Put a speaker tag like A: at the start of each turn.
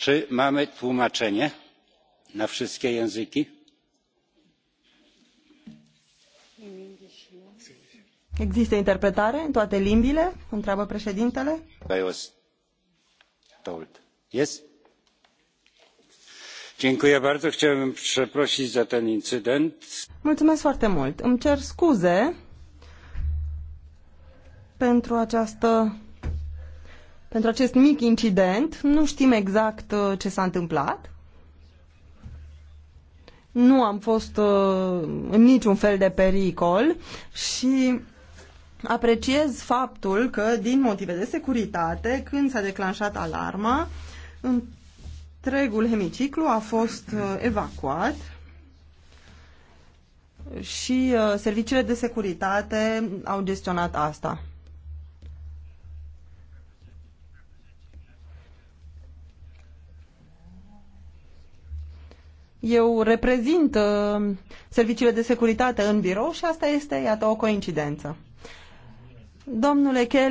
A: czy mamy tłumaczenie na wszystkie języki?
B: Există interpretare în toate limbile? Întreabă președintele. Mulțumesc foarte mult. Îmi cer scuze pentru această pentru acest mic incident. Nu știm exact uh, ce s-a întâmplat. Nu am fost uh, în niciun fel de pericol și apreciez faptul că, din motive de securitate, când s-a declanșat alarma, întregul hemiciclu a fost uh, evacuat și serviciile de securitate au gestionat asta. Eu reprezint uh, serviciile de securitate în birou și asta este, iată, o coincidență. Domnule Kelly,